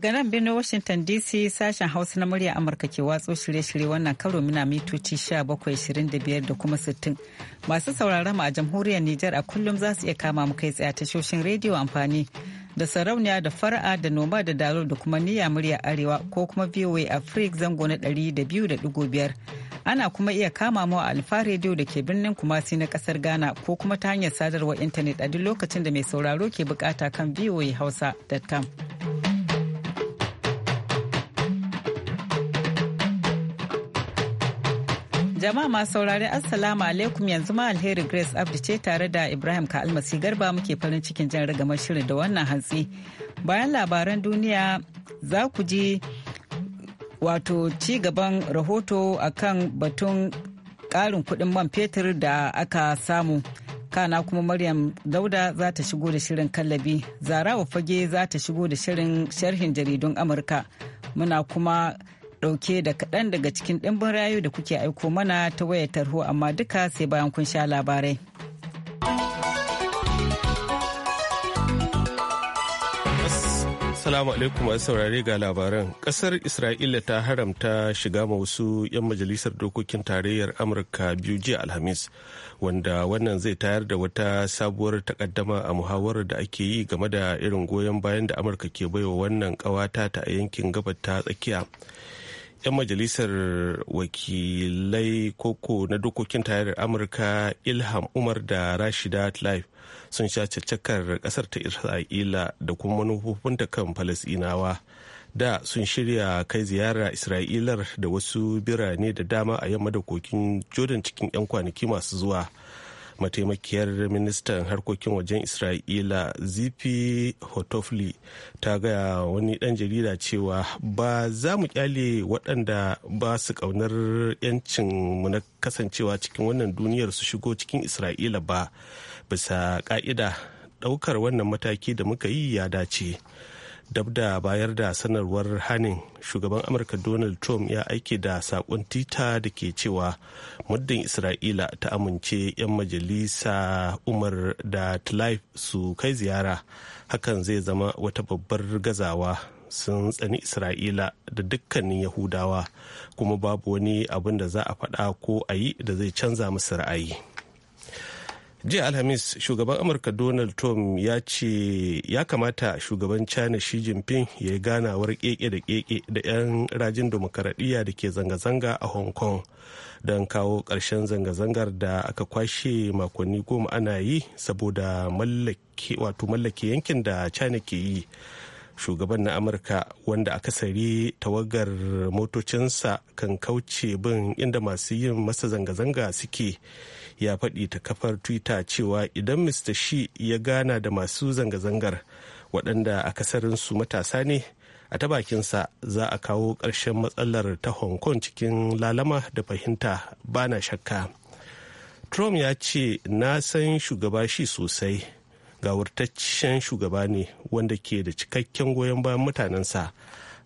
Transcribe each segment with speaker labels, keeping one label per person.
Speaker 1: Ganan nan birnin Washington DC sashen Hausa na murya Amurka ke watso shirye-shirye wannan karo muna mitoci 1725 da kuma 60. Masu sauraron mu a jamhuriyar Nijar a kullum za su iya kama mu kai tsaye tashoshin rediyo amfani da sarauniya da fara'a da noma da dalo da kuma niyya murya arewa ko kuma VOA Africa zango na 200.5. Ana kuma iya kama mu a Alfa rediyo da ke birnin Kumasi na kasar Ghana ko kuma ta hanyar sadarwar intanet a duk lokacin da mai sauraro ke bukata kan voahausa.com. Jama'a masu saurari Assalamu alaikum yanzu ma alheri Grace Abdi ce tare da Ibrahim ka almasi Garba muke farin cikin jan rigamar shirin da wannan hantsi. Bayan labaran duniya za ku ji wato ci gaban rahoto akan batun karin kudin man fetur da aka samu. kana kuma Maryam Dauda za ta shigo da shirin kallabi, Zarawa Fage za ta shigo da shirin sharhin jaridun Amurka. Muna kuma dauke da kaɗan daga cikin ɗimbin rayu da kuke aiko mana ta wayar tarho amma duka sai bayan kun sha labarai.
Speaker 2: Assalamu alaikum masu saurare ga labaran. Kasar Isra'ila ta haramta shiga ma wasu 'yan majalisar dokokin tarayyar Amurka biyu jiya Alhamis, wanda wannan zai tayar da wata sabuwar takaddama a muhawarar da ake yi game da irin goyon bayan da Amurka ke baiwa wannan kawata ta a yankin gabata tsakiya. 'yan majalisar wakilai koko na dokokin tarayyar amurka ilham umar da rashida life sun sha caccakar kasar ta isra'ila da kuma manufofinta kan falasinawa da sun shirya kai ziyara isra'ilar da wasu birane da dama a yamma da kokin jordan cikin 'yan kwanaki masu zuwa mataimakiyar ministan harkokin wajen isra'ila zifi hotofli ta gaya wani dan jarida cewa ba za mu kyale waɗanda ba su ƙaunar 'yancin mu na kasancewa cikin wannan duniyar su shigo cikin isra'ila ba bisa ƙa'ida ɗaukar wannan mataki da muka yi ya dace dab da bayar da sanarwar hanin shugaban amurka donald trump ya aiki da sakon tita da ke cewa muddin isra'ila ta amince 'yan majalisa umar da tlaib su kai ziyara hakan zai zama wata babbar gazawa sun tsani isra'ila da dukkanin yahudawa kuma babu wani abin da za a faɗa ko a yi da zai canza musu ra'ayi. jiya alhamis shugaban amurka donald trump ya ce ya kamata shugaban china shi jinping ya ganawar keke da keke da 'yan rajin demokaradiyya da ke zanga-zanga a hong kong don kawo ƙarshen zanga-zangar da aka kwashe makonni goma ana yi saboda mallake yankin da china ke yi shugaban na amurka wanda akasari tawagar motocinsa kan kauce bin inda masu yin masa zanga-zanga suke ya faɗi ta kafar twitter cewa idan mr shi ya gana da masu zanga-zangar waɗanda a akasarinsu matasa ne a ta bakinsa za a kawo ƙarshen matsalar ta hong kong cikin lalama da fahimta ba na shakka trump ya ce na san shugaba shi sosai wurtaccen shugaba ne wanda ke da cikakken goyon bayan mutanensa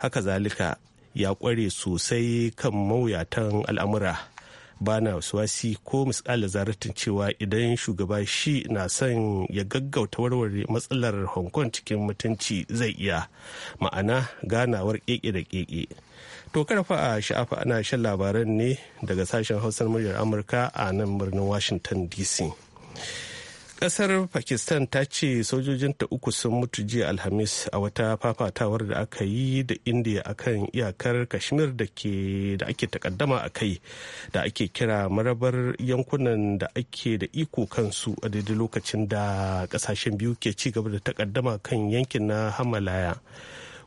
Speaker 2: haka zalika ya ƙware sosai kan mawuyatan al'amura ba na wasi ko misalar zaratin cewa idan shugaba shi na son ya gaggauta warware matsalar hong kong cikin mutunci zai iya ma'ana ganawar keke da keke to karfa a sha'afa ana shan labaran ne daga sashen hausar muryar amurka a nan birnin washington dc kasar pakistan ta ce sojojinta uku sun mutu jiya alhamis a wata fafatawar da aka yi da india akan iyakar kashmir da ake takaddama a kai da ake kira marabar yankunan da ake da iko kansu a daidai lokacin da kasashen biyu ke ci gaba da takaddama kan yankin na hamalaya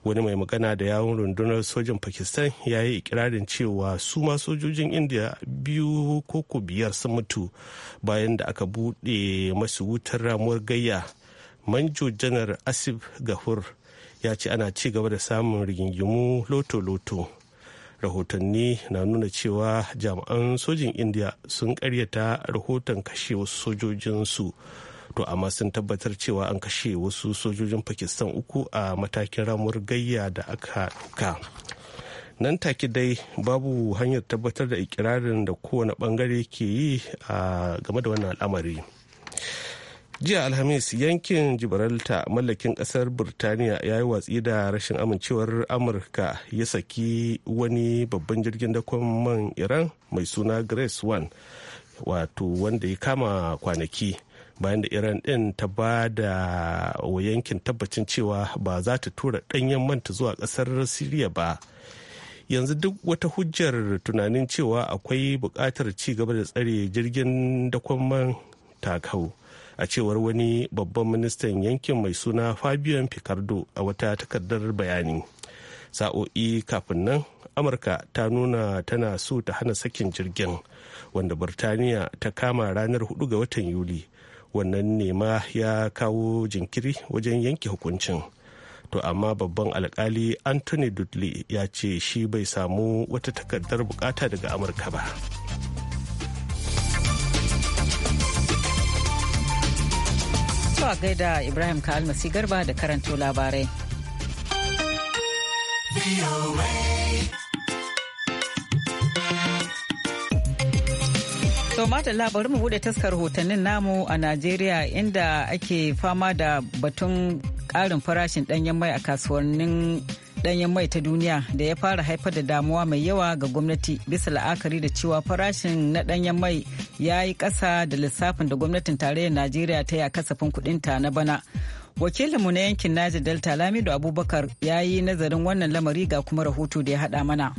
Speaker 2: wani mai magana da yawun rundunar sojin pakistan ya yi ikirarin cewa su ma sojojin india biyu ko ku biyar sun mutu bayan da aka buɗe masu wutar ramuwar gayya manjo janar asif gahur ya ce ana ci gaba da samun rigingimu loto-loto rahotanni na nuna cewa jami'an sojin india sun karyata rahoton kashe wasu sojojinsu to amma sun tabbatar cewa an kashe wasu sojojin pakistan uku a matakin ramuwar gayya da aka ɗauka nan take dai babu hanyar tabbatar da ikirarin da kowane bangare ke yi a game da wannan al'amari jiya alhamis yankin gibraltar mallakin kasar birtaniya ya yi watsi da rashin amincewar amurka ya saki wani babban jirgin dakon man iran mai suna grace one wato wanda ya kama kwanaki bayan da iran din ta ba da yankin tabbacin cewa ba za ta tura ɗanyen manta zuwa ƙasar siriya ba yanzu duk wata hujjar tunanin cewa akwai buƙatar ci gaba da tsare jirgin dakon man takau a cewar wani babban ministan yankin mai suna fabian picardo a wata takardar bayani sa'o'i kafin nan amurka ta nuna tana so ta hana sakin jirgin wanda birtaniya ta kama ranar 4 ga watan yuli wannan nema ya kawo jinkiri wajen yanke hukuncin to amma babban alkali anthony dudley ya ce shi bai samu wata takardar bukata daga amurka ba
Speaker 1: zuwa gaida Ibrahim Kalmasi Garba da karanto labarai. To madalla bari mu bude taskar hotannin namu a Najeriya inda ake fama da batun ƙarin farashin ɗanyen mai a kasuwannin ɗanyen mai ta duniya da ya fara haifar da damuwa mai yawa ga gwamnati bisa la'akari da cewa farashin na danyen mai ya yi ƙasa da lissafin da gwamnatin tarayyar Najeriya ta yi kasafin ta na bana. Wakilinmu na yankin Niger Delta Lamido Abubakar ya yi nazarin wannan lamari ga kuma rahoto da ya haɗa mana.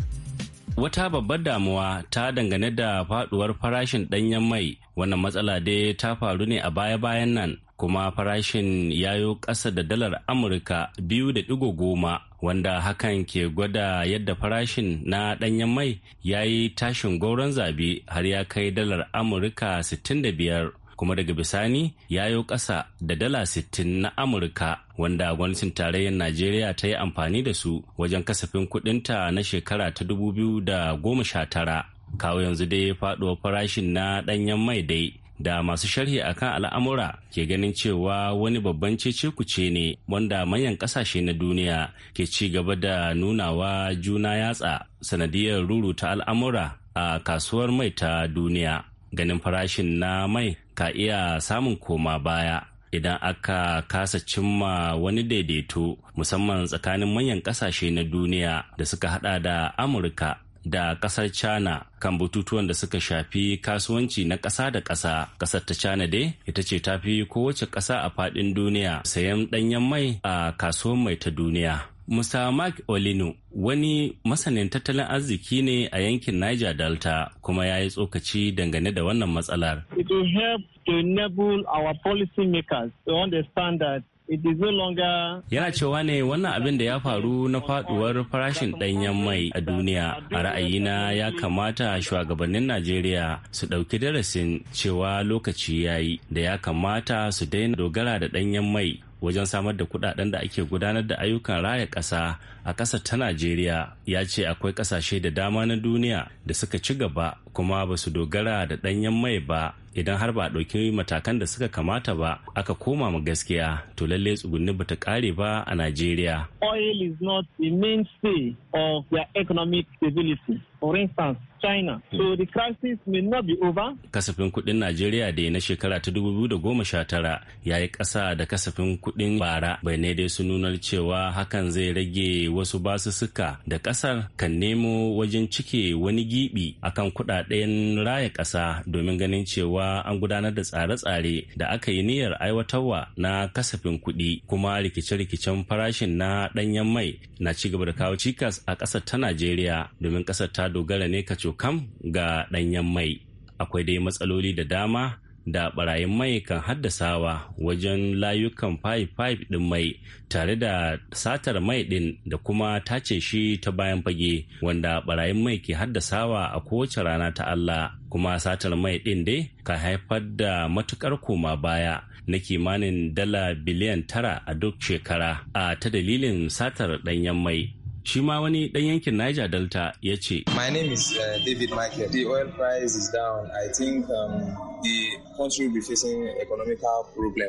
Speaker 3: Wata babbar damuwa ta dangane da faduwar farashin ɗanyen mai wannan matsala dai ta faru ne a baya-bayan nan kuma farashin ya yayo ƙasa da dalar Amurka biyu da ɗigo goma wanda hakan ke gwada yadda farashin na ɗanyen mai ya yi tashin gauron zaɓe har ya kai dalar Amurka 65. kuma daga bisani ya yi kasa da dala 60 na amurka wanda gwamnatin tarayyar najeriya ta yi amfani da su wajen kasafin kudinta na shekara ta 2019 kawo yanzu dai faɗuwar farashin na ɗanyen mai dai da masu sharhi akan al'amura ke ganin cewa wani babban cece-kuce ne wanda manyan kasashe na duniya ke ci gaba da nunawa juna yatsa sanadiyar ta al'amura a kasuwar mai ta duniya ganin farashin na mai ka iya samun koma baya idan aka kasa cimma wani daidaito musamman tsakanin manyan kasashe na duniya da suka hada da amurka da kasar china kan batutuwan da suka shafi kasuwanci na ƙasa da ƙasa ƙasar ta china dai ita ce ta fi kowace ƙasa a faɗin duniya sayan ɗanyen mai a kasuwan mai ta duniya Musa Mark Olinu wani masanin tattalin arziki ne a yankin Niger Delta kuma ya yi tsokaci dangane da wannan matsalar. It will help to enable our policy makers to understand that Yana cewa ne wannan abin da ya faru na faduwar farashin ɗanyen mai a duniya a ra'ayina ya kamata shugabannin Najeriya su ɗauki darasin cewa lokaci yayi da ya kamata su daina dogara da ɗanyen mai wajen samar da kudaden da ake gudanar da ayyukan raya ƙasa a ƙasar ta najeriya ya ce akwai ƙasashe da dama na duniya da suka ci gaba kuma ba su dogara da ɗanyen mai ba idan har ba a ɗauki matakan da suka kamata ba aka koma mu gaskiya to lalle tsugunni ba ta ƙare ba a Najeriya.
Speaker 2: Oil is not the mainstay of their economic stability. For instance, China. Hmm. So the crisis may not be over.
Speaker 3: Kasafin kuɗin Najeriya da na shekara ta 2019 ya yi ƙasa da kasafin kuɗin bara bai ne dai su nunar cewa hakan zai rage wasu basussuka da kasar kan nemo wajen cike wani gibi akan kudaden raya kasa domin ganin cewa an gudanar da tsare-tsare da aka yi niyyar aiwatarwa na kasafin kuɗi kuma rikice-rikicen farashin na ɗanyen mai na ci gaba da kawo cikas a ƙasar ta najeriya domin ƙasar ta dogara ne kacokam ga ɗanyen mai akwai dai matsaloli da dama da barayin mai kan haddasawa wajen layukan fayif-fayif ɗin mai tare da satar mai ɗin da kuma tace shi ta bayan fage wanda barayin mai ke haddasawa a kowace rana ta Allah kuma satar mai ɗin dai ka haifar da matukar koma baya na kimanin dala biliyan tara a duk shekara a ta dalilin satar ɗanyen mai shi ma wani dan yankin Niger Delta ya ce. My
Speaker 4: name is uh, David Michael. The oil price is down. I think um,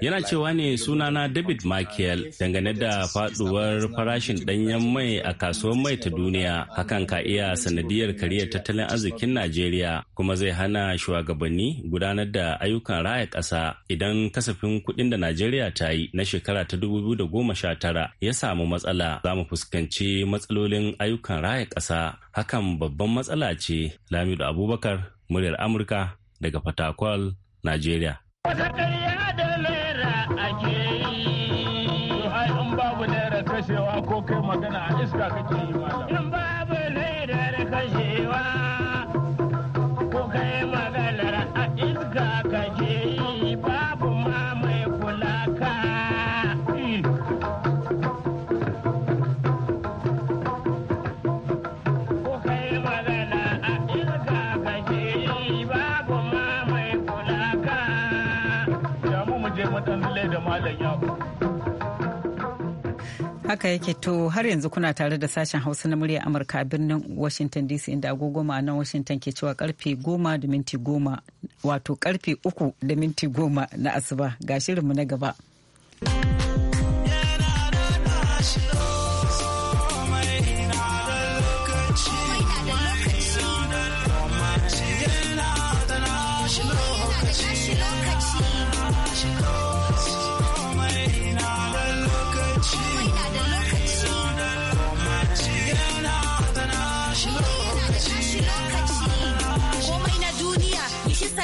Speaker 3: Yana cewa ne sunana David uh, Michael dangane da faduwar farashin danyen mai a kasuwar mai ta duniya hakan ka iya sanadiyar kariyar tattalin arzikin Najeriya kuma zai hana shugabanni gudanar da ayyukan raya ƙasa idan kasafin kuɗin da Najeriya ta yi na shekara ta 2019 ya samu matsala za mu fuskanci matsalar matsalolin ayyukan raya ƙasa hakan babban matsala ce lamido abubakar muryar amurka daga fatakwal nigeria kashewa ko kai magana a iska kake yi malam
Speaker 1: haka yake to har yanzu kuna tare da sashen hausa na murya amurka a birnin washington dc inda agogo nan washington ke cewa karfe goma da minti goma wato karfe uku da minti goma na asuba ga shirinmu na gaba.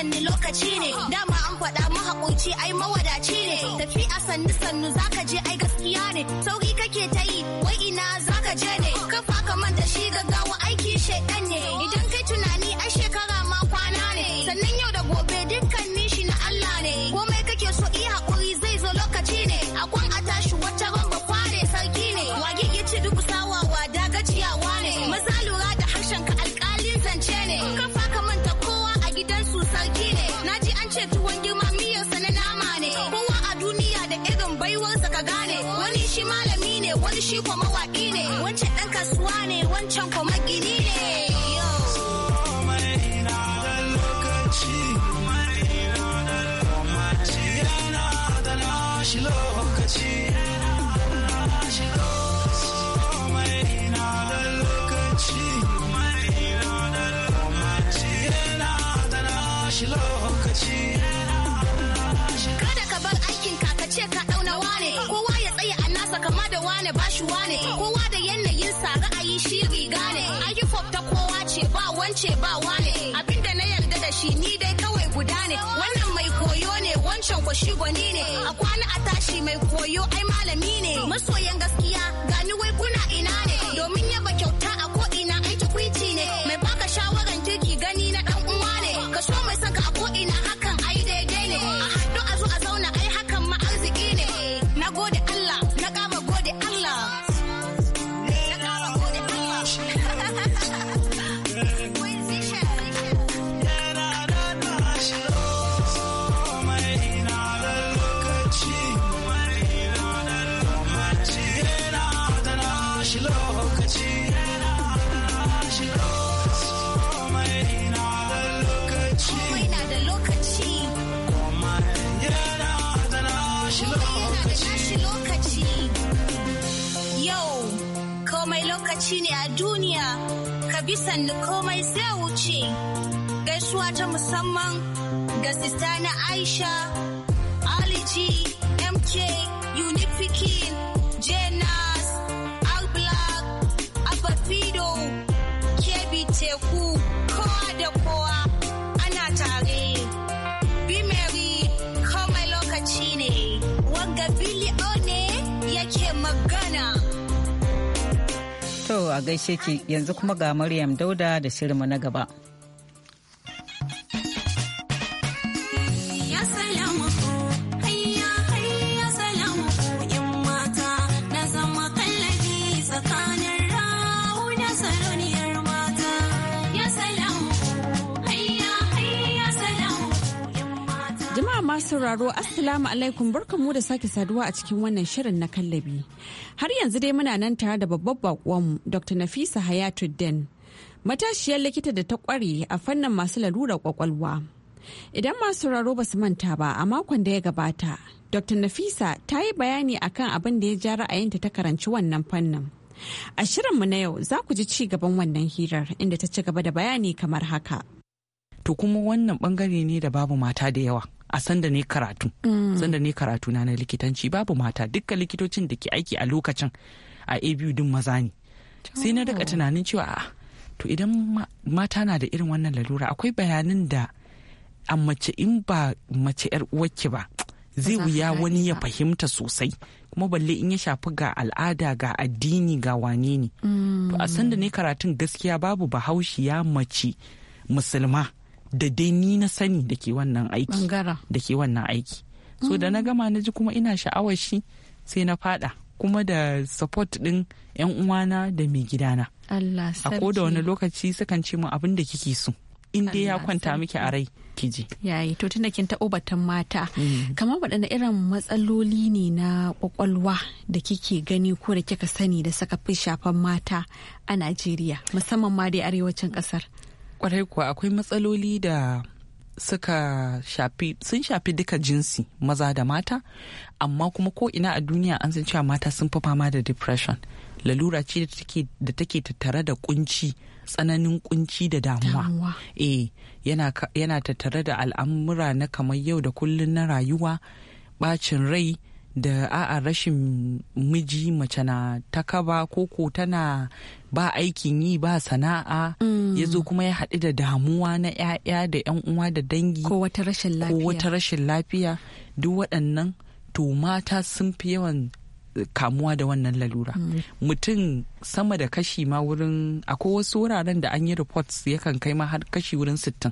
Speaker 5: sanni lokaci ne dama an faɗa mahaƙunci ai mawadaci ne tafi a sanni sannu zaka je ai gaskiya ne sauki kake ta cheese. na Aisha, Ali G, MK, unifiki Jenas, Al Abafido, Kebi Teku, kowa da kowa ana tare. Bi Mary, kawai lokaci ne, wanga Billy ne yake magana.
Speaker 1: To a gaishe ki yanzu kuma ga Maryam Dauda da shirinmu na gaba.
Speaker 6: sauraro Assalamu alaikum barkanmu da sake saduwa a cikin wannan shirin na kallabi. Har yanzu dai muna nan tare da babbar bakonmu Dr. Nafisa Hayatuddin, matashiyar likita da ta kware a fannin masu lalurar kwakwalwa. Idan masu sauraro ba su manta ba a makon da ya gabata, Dr. Nafisa ta yi bayani akan abin da ya ja ra'ayinta ta karanci wannan fannin. A shirinmu na yau za ku ji ci gaban wannan hirar inda ta ci gaba da bayani kamar haka.
Speaker 4: To kuma wannan bangare ne da babu mata da yawa. a sanda ne karatu mm. sanda ne karatu na na likitanci babu mata dukkan likitocin da ke aiki a lokacin a abu din maza ne sai na rika oh. tunanin cewa a to idan mata na da irin wannan lalura akwai bayanin da a mace in ba mace yar uwarki ba zai wuya wani ya fahimta sosai kuma balle in ya shafi ga al'ada ga addini ga wane ne to a sanda ne mm. karatun gaskiya babu bahaushiya mace musulma da dai ni na sani da ke wannan aiki da ke wannan aiki so da mm. na gama na ji kuma ina sha'awar shi sai na fada kuma da support din yan uwana da mai gidana
Speaker 6: Allah a ko da wani
Speaker 4: lokaci sukan ce mu abin da kike so in dai ya kwanta miki a rai kiji
Speaker 6: yayi to tunda kin taɓo batun mata mm. kamar waɗanne irin matsaloli ne na kwakwalwa da kike gani ko da kika sani da saka fi shafan mata a Najeriya musamman ma dai arewacin ƙasar
Speaker 4: kwarai kuwa akwai matsaloli da suka shafi sun shafi duka jinsi maza da mata amma kuma ko ina a duniya an san cewa mata sun fi fama da depression lalura ce da take tattare da kunci tsananin kunci da damuwa eh yana, yana tattare da al'amura na kamar yau da kullun na rayuwa bacin rai da a'a rashin miji mace na ta ko koko tana ba aikin yi ba sana'a mm. ya zo kuma ya haɗu da damuwa na 'ya'ya da 'yan uwa da dangi ko wata rashin lafiya ko wata rashin lafiya duk waɗannan to mata sun fi yawan kamuwa da wannan lalura mm. mutum sama da kashi ma wurin akwai wasu wuraren da an yi reports yakan kai ma har kashi wurin sittin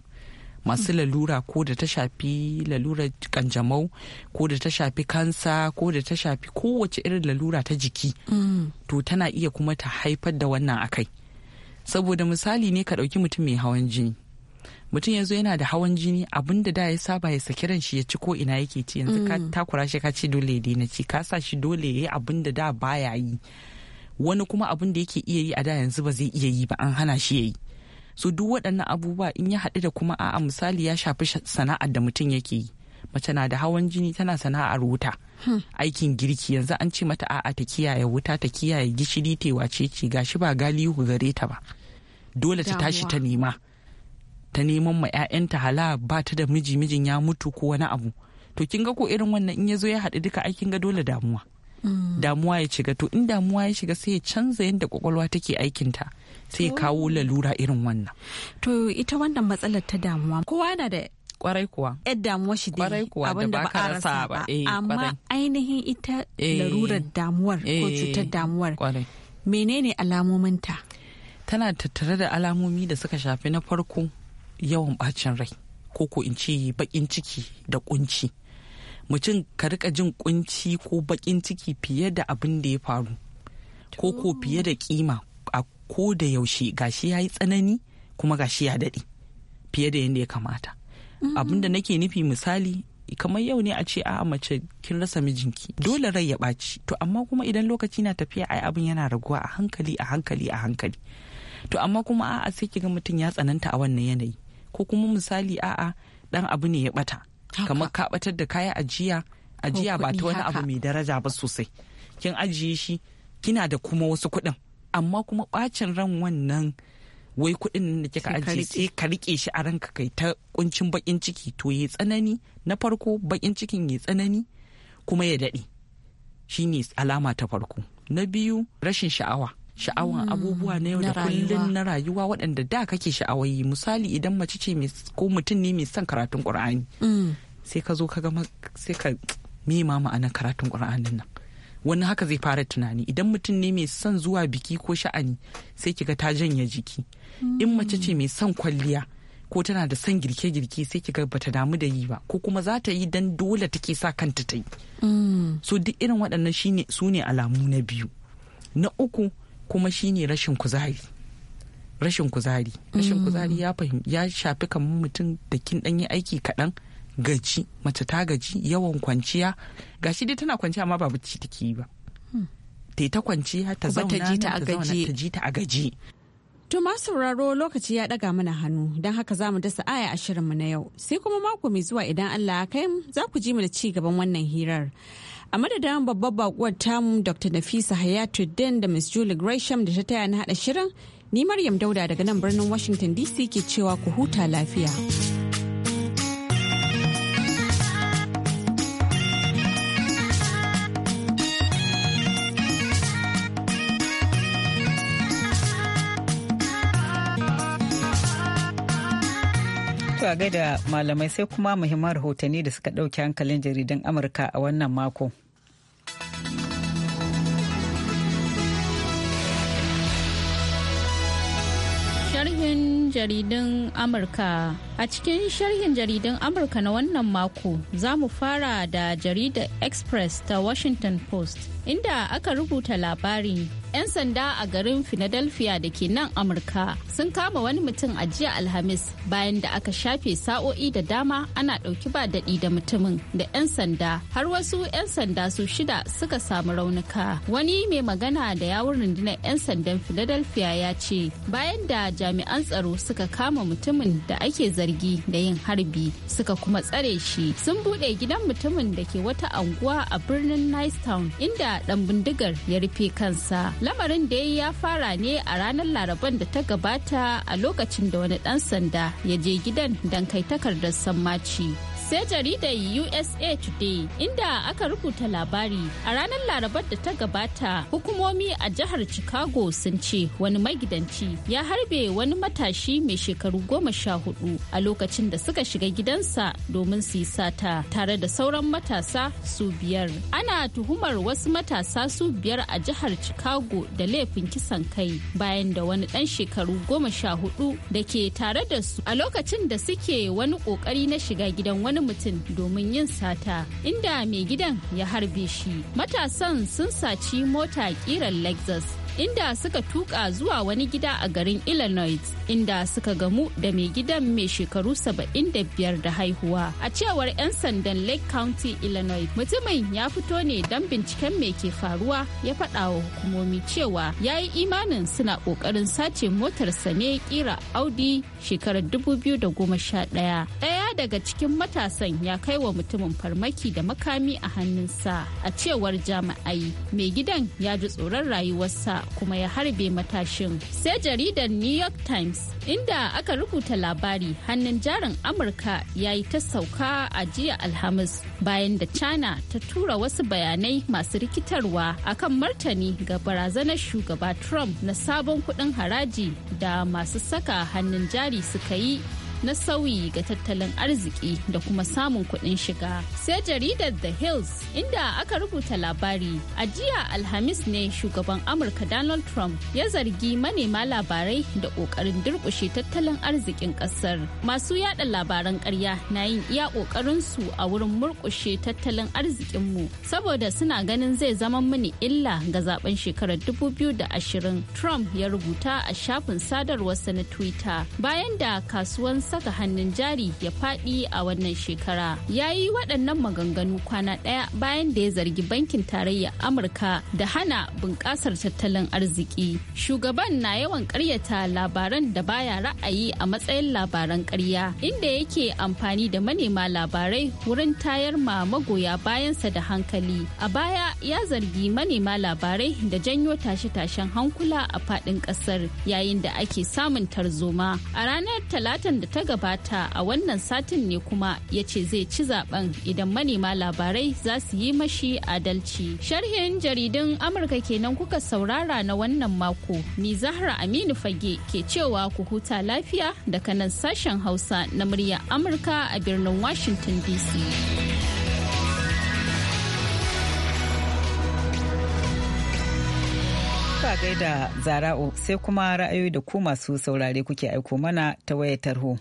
Speaker 4: masu lalura ko da ta shafi lalurar kanjamau ko da ta shafi kansa ko da ta shafi kowace irin lalura ta jiki mm. to tana iya kuma ta haifar da wannan akai saboda misali ne ka ɗauki mutum mai hawan jini mutum yanzu yana da hawan jini abinda da da ya saba ya saki ran shi ya ci ko ina yake ci yanzu ka mm. takura shi ka ce dole ya na ci ka sa shi dole ya yi abin da da baya yi wani kuma abin da yake iya yi a da yanzu ba zai iya yi ba an hana shi ya yi so duk waɗannan abubuwa in ya haɗu da kuma a'a misali ya shafi sana'ar da mutum yake yi mace na da hawan jini tana sana'ar wuta hmm. aikin girki yanzu an ce mata a'a ta kiyaye wuta ta kiyaye gishiri ta wace ce gashi ba galihu gare ta ba dole ta tashi ta nema ta neman ma 'ya'yanta hala ba ta da miji mijin ya mutu ko wani abu to kin ga ko irin wannan in ya zo ya haɗu duka aikin ga dole damuwa hmm. damuwa ya shiga to in damuwa ya shiga sai ya canza yadda kwakwalwa take aikinta sai kawo lalura irin wannan
Speaker 6: to ita wannan matsalar ta damuwa kowa na da kwarai kuwa yar damuwa shi dai abin da ba a rasa ba eh, amma
Speaker 4: ainihin ita eh. larurar damuwar ko eh, cutar damuwar menene alamominta tana tattare da alamomi da suka shafi na farko yawan bacin rai ko ko in ce bakin ciki da kunci mutum ka rika jin kunci ko bakin ciki fiye da abin da ya faru ko ko fiye da kima a ko da yaushe gashi ya yi tsanani kuma gashi ya daɗe fiye da yadda ya kamata mm. abin da nake nufi misali kamar yau ne a ce a mace kin rasa mijinki dole rai ya ɓaci to amma kuma idan lokaci na tafiya ai abin yana raguwa a hankali a hankali a hankali to amma kuma a'a sai kiga mutum ya tsananta a wannan yanayi ko kuma misali a'a dan abu ne ya bata kamar ka batar da kaya ajiya ajiya ba ta wani abu mai daraja ba sosai kin ajiye shi kina da kuma wasu kuɗin amma kuma bacin ran wannan wai kuɗin da kika ajiye sai ka rike shi a ranka kai ta kuncin bakin ciki to ya tsanani na farko bakin cikin ya tsanani kuma ya daɗe shine alama ta farko na biyu rashin sha'awa sha'awan mm, abubuwa na yau da kullum na rayuwa waɗanda da kake sha'awayi misali idan mace ce ko mutum ne mai son karatun ƙur'ani mm. sai ka zo ka ga sai ka mema ma'anar karatun ƙur'anin nan wani haka zai fara tunani idan mutum ne mai son zuwa biki ko sha'ani sai kiga ta janya jiki in mace ce mai son kwalliya ko tana da son girke-girke sai kiga bata damu da yi ba ko kuma za ta yi dan dole take sa kanta ta yi mm. so duk irin waɗannan shine su ne alamu na biyu na uku kuma shine rashin kuzari rashin kuzari rashin mm. kuzari ya shafi kamar mutum da kin ɗan yi aiki kaɗan gaji mace ta gaji yawan kwanciya gashi dai tana kwanciya amma ba bacci take hmm. ba ta ta kwanciya ta zauna ta ji ta a gaji
Speaker 6: To ma sauraro lokaci ya daga mana hannu don haka za mu dasa aya a shirin mu na yau sai kuma mako mai zuwa idan Allah ya kai za ku ji mu da ci gaban wannan hirar. A madadin babbar bakuwar tamu Dr. Nafisa hayatu Hayatuddin da Miss Julie Gresham da ta taya na haɗa shirin, ni Maryam Dauda daga nan birnin Washington DC ke cewa ku huta lafiya.
Speaker 1: ga da malamai sai kuma muhimman rahotanni da suka ɗauki hankalin jaridan Amurka a wannan mako.
Speaker 7: Sharhin jaridan Amurka A cikin sharhin jaridan Amurka na wannan mako za mu fara da jaridar Express ta Washington Post inda aka rubuta labari. 'Yan sanda a garin Philadelphia da ke nan Amurka sun kama wani mutum a jiya Alhamis bayan da aka shafe sa'o'i da dama ana ɗauki ba daɗi da mutumin da 'yan sanda har wasu 'yan sanda su shida suka samu raunuka. Wani mai magana da yawun rundunar 'yan sandan Philadelphia ya ce bayan da jami'an tsaro suka kama mutumin da ake zargi zargi da yin harbi suka kuma tsare shi sun buɗe gidan mutumin da ke wata anguwa a birnin town inda ɗan bindigar ya rufe kansa. Lamarin da ya fara ne a ranar Laraban da ta gabata a lokacin da wani ɗan sanda ya je gidan don kai takardar sammaci. sai jaridar USA Today inda aka rubuta labari a ranar Larabar da ta gabata hukumomi a jihar Chicago sun ce wani magidanci ya harbe wani matashi mai shekaru goma sha hudu a lokacin da suka shiga gidansa domin su yi sata tare da sauran matasa su biyar. Ana tuhumar wasu matasa su biyar a jihar Chicago da laifin kisan kai bayan da wani dan shekaru goma sha hudu da ke tare da su a lokacin da suke wani ƙoƙari na shiga gidan wani mutum domin yin sata inda mai gidan ya harbe shi matasan sun saci mota kiran lexus inda suka tuka zuwa wani gida a garin illinois inda suka gamu da mai gidan mai shekaru 75 da haihuwa a cewar 'yan sandan lake county illinois mutumin ya fito ne don binciken mai ke faruwa ya faɗawa wa hukumomi cewa ya yi imanin suna ƙoƙarin sace motarsa ne kira audi shekarar 2011 ɗaya daga cikin matasan ya kai wa mutumin farmaki da makami a hannunsa a cewar jami'ai mai gidan ya ji tsoron rayuwarsa kuma ya harbe matashin sai jaridar new york times inda aka rubuta labari hannun jarin amurka ya yi ta sauka a jiya alhamis bayan da china ta tura wasu bayanai masu rikitarwa akan martani ga barazanar shugaba trump na sabon kuɗin haraji da masu saka hannun jari suka yi na sauyi ga tattalin arziki da kuma samun kuɗin shiga. Sai jaridar The Hills inda aka rubuta labari a jiya Alhamis ne shugaban Amurka Donald Trump ya zargi manema labarai da ƙoƙarin durƙushe tattalin arzikin ƙasar. Masu yada labaran ƙarya na yin iya ƙoƙarinsu a wurin murƙushe tattalin arzikinmu saboda suna ganin zai zama mini illa ga zaben shekarar 2020 Trump ya rubuta a shafin sadarwarsa na Twitter bayan da kasuwan saka hannun jari ya faɗi a wannan shekara. Ya yi waɗannan maganganu kwana ɗaya bayan da ya zargi bankin tarayya Amurka da hana bunƙasar tattalin arziki. Shugaban na yawan ƙaryata labaran da baya ra'ayi a matsayin labaran ƙarya, inda yake amfani da manema labarai wurin tayar ma magoya bayansa da hankali. A baya ya zargi manema labarai da janyo tashe-tashen hankula a faɗin ƙasar yayin da ake samun tarzoma. A ranar Talatan da ta gabata a wannan satin ne kuma ya ce zai ci zaben idan manema labarai za su yi mashi adalci. Sharhin jaridun Amurka kenan kuka saurara na wannan mako. Ni Zahra Aminu Fage ke cewa ku huta lafiya daga nan sashen Hausa na murya Amurka a birnin Washington DC. gaida
Speaker 1: zara'u sai kuma ra'ayoyi da ku masu saurare kuke aiko mana ta wayar tarho.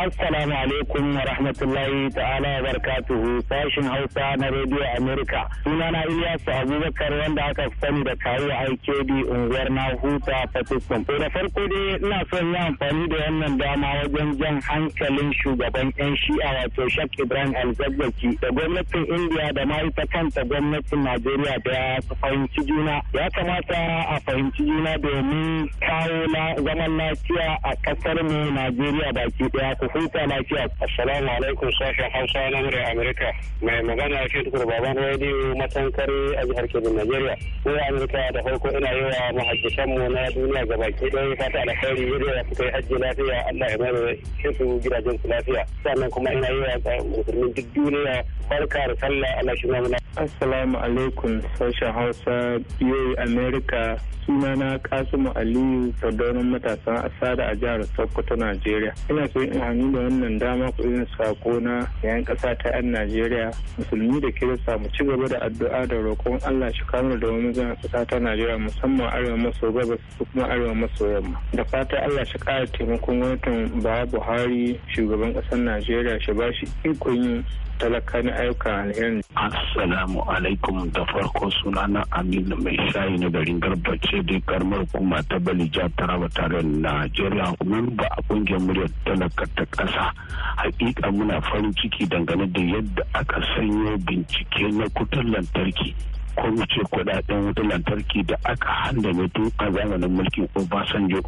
Speaker 8: Assalamu alaikum wa rahmatullahi ta'ala wa barakatuhu sashin Hausa na Radio America. Sunana Ilyasu Abubakar wanda aka sani da kawo IKD unguwar na huta Fatiskum. da farko dai ina son yi amfani da wannan dama wajen jan hankalin shugaban 'yan shi'a wato Shak Ibrahim al Alzazzaki da gwamnatin India da ma ita kanta gwamnatin Najeriya da su fahimci juna. Ya kamata a fahimci juna domin kawo zaman lafiya a kasar mu Najeriya baki ɗaya ku huta lafiya. Assalamu alaikum sashen Hausa na murya Amerika. Mai magana shi tukur baban rediyo matankare a jihar Kebbi Najeriya. Ko Amerika da farko ina yi wa mu na duniya gabaki ɗaya fata alkhairi yadda ya fita hajji lafiya Allah ya mai su gidajen su lafiya. Sannan kuma ina yi wa musulmin duk duniya barka da sallah Allah shi na Assalamu alaikum sashen Hausa biyu Amerika sunana Kasimu Aliyu Sardaunin matasan Asada a jihar Sokoto, Najeriya.
Speaker 2: Ina so in hannu da wannan dama ku yin sako na yayin ƙasa ta 'yan Najeriya musulmi da kirista mu ci gaba da addu'a da roƙon Allah shi kamar da wani zan ƙasa ta Najeriya musamman arewa maso gabas ko kuma arewa maso yamma. Da fata Allah shi ƙara taimakon gwamnatin Baba Buhari shugaban ƙasar Najeriya shi ba shi ikon yin
Speaker 8: talakan na ayyukan alherin. Assalamu alaikum da farko suna na Aminu mai shayi na garin garbace da karmar kuma ta Balija Taraba tare Najeriya ba a kungiyar muryar talaka ta ƙasa. Hakika muna farin ciki dangane da yadda aka sanyo bincike na kutan lantarki ko mu ce kudaden wutar lantarki da aka handame tun a zamanin mulkin Obasanjo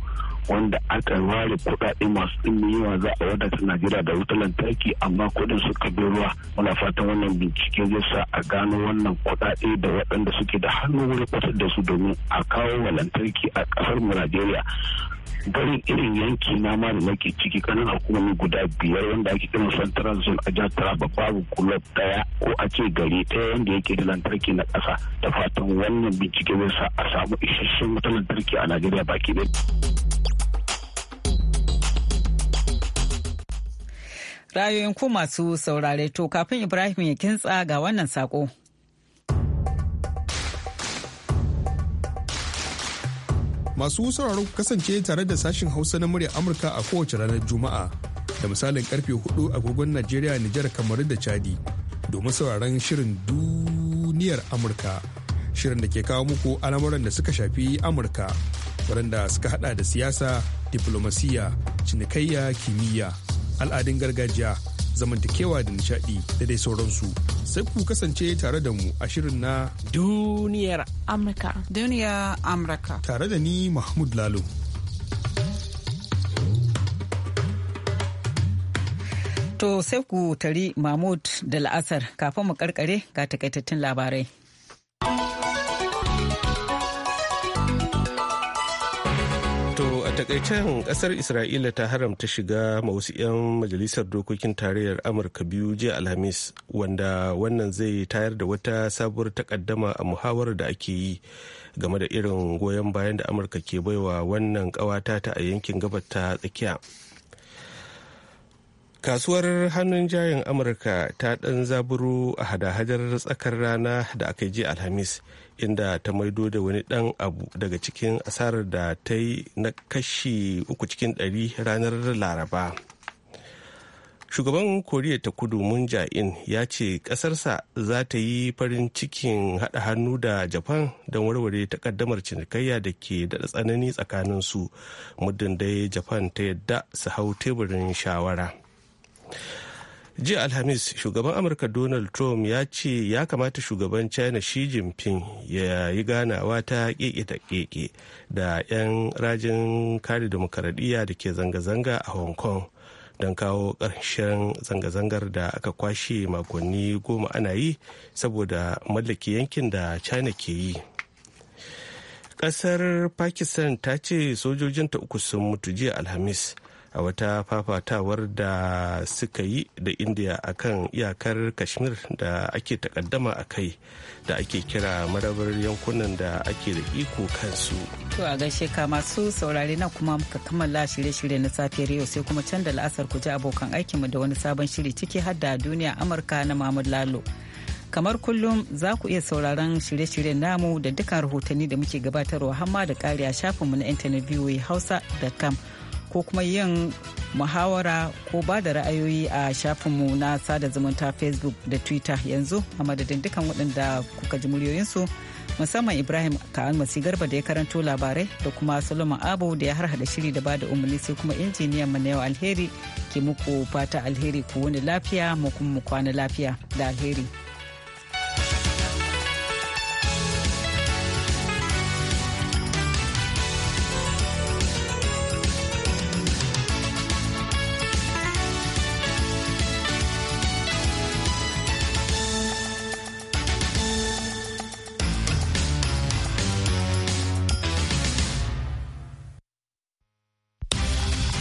Speaker 8: wanda aka ware kuɗaɗe masu ɗimbin yawa za a wadata najeriya da wutar lantarki amma kuɗin suka bi ruwa muna fatan wannan bincike zai sa a gano wannan kuɗaɗe da waɗanda suke da hannu wurin fitar da su domin a kawo wa lantarki a ƙasar mu najeriya garin irin yanki na ma da nake ciki kanan hukumomi guda biyar wanda ake kiran central zone a jihar taraba babu kulob daya ko a ce gari daya wanda yake da lantarki na ƙasa da fatan wannan bincike zai sa a samu isasshen wutar lantarki a najeriya baki ɗaya.
Speaker 1: rayoyin ku masu saurare to kafin Ibrahim ya kintsa ga wannan sako.
Speaker 2: Masu sauraro kasance tare da sashin Hausa na murya Amurka a kowace ranar Juma'a da misalin karfe 4 agogon Najeriya, Nijar, kamar da Chadi domin sauraron shirin duniyar Amurka. Shirin da ke kawo muku al'amuran da suka shafi Amurka, waɗanda suka hada da siyasa, diplomasiya, cinikayya, kimiyya. al'adun gargajiya zamantakewa da nishadi da dai sauransu sai ku kasance tare da mu a shirin na duniyar amurka duniyar amurka tare da ni mahmud lalo
Speaker 1: to sai ku tari mahmud da la'asar kafin mu karkare ga takaitattun labarai
Speaker 2: takaicen kasar isra'ila ta haramta shiga ma wasu 'yan majalisar dokokin tarayyar amurka biyu jiya alhamis wanda wannan zai tayar da wata sabuwar takaddama a muhawarar da ake yi game da irin goyon bayan da amurka ke baiwa wannan kawata ta a yankin gabar ta tsakiya kasuwar hannun jayin amurka ta dan zaburo a hada-hadar tsakar rana da aka jiya alhamis inda ta maido da wani dan abu daga cikin asarar da ta yi na kashi uku cikin ɗari ranar laraba shugaban koriya ta kudu mun in ya ce ƙasarsa za ta yi farin cikin haɗa hannu da japan don warware takaddamar cinikayya da ke da tsanani tsakaninsu muddin dai japan ta yadda su hau teburin shawara jiya alhamis shugaban amurka donald trump ya ce ya kamata shugaban china xi jinping ya yi ganawa ta keke da keke da 'yan rajin kare demokaradiyya da ke zanga-zanga a hong kong don kawo ƙarshen zanga-zangar da aka kwashe makonni goma ana yi saboda mallaki yankin da china ke yi ƙasar pakistan ta ce sojojinta uku sun mutu jiya alhamis a wata fafatawar da suka yi da indiya kan iyakar kashmir da ake takaddama a kai da ake kira marabar yankunan da ake da iko kansu
Speaker 1: to a gaishe ka masu saurare na kuma muka kammala shirye-shirye na safiyar yau sai kuma can da la'asar ku ji abokan aikinmu da wani sabon shiri ciki har da duniya amurka na mahmud lalo kamar kullum za ku iya sauraron shirye-shiryen namu da dukkan rahotanni da muke gabatarwa hamma da kariya shafinmu na intanet voa hausa.com ko kuma yin muhawara ko ba da ra'ayoyi a shafinmu na sada zumunta facebook da twitter yanzu a madadin dukkan waɗanda kuka ji muryoyinsu musamman ibrahim ka'an garba da ya karanto labarai da kuma solomon abu da ya harhaɗa shiri da ba da umarni sai kuma injiniyan mu na yau alheri ke muku fata alheri ku wani lafiya mu kuma mu kwana lafiya da alheri.